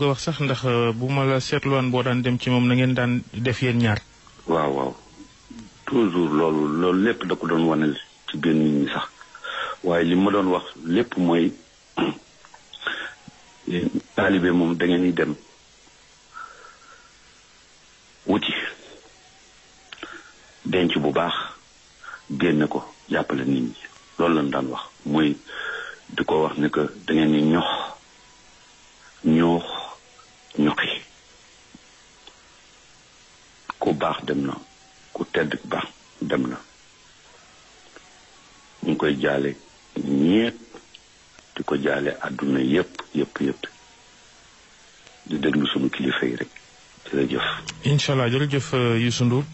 nga wax sax ndax euh, bu ma la seetluwaan boo daan dem ci moom na ngeen daan def yéen ñaar. waaw waaw toujours loolu lépp da doon wane ci biir nit sax waaye li ma doon wax lépp mooy taalibe moom dangeen ngeen di dem wuti denc bu baax génn ko jàppale nit loolu lañ daan wax muy di ko wax ne que da ngeen di ñox. ku baax dem na ku tedd baax dem na ñu koy jaale ñépp di ko jaale àdduna yépp yépp yépp di déglu sunu kilifa yi rek jërëjëf. incha allah jërëjëf Youssou Ndour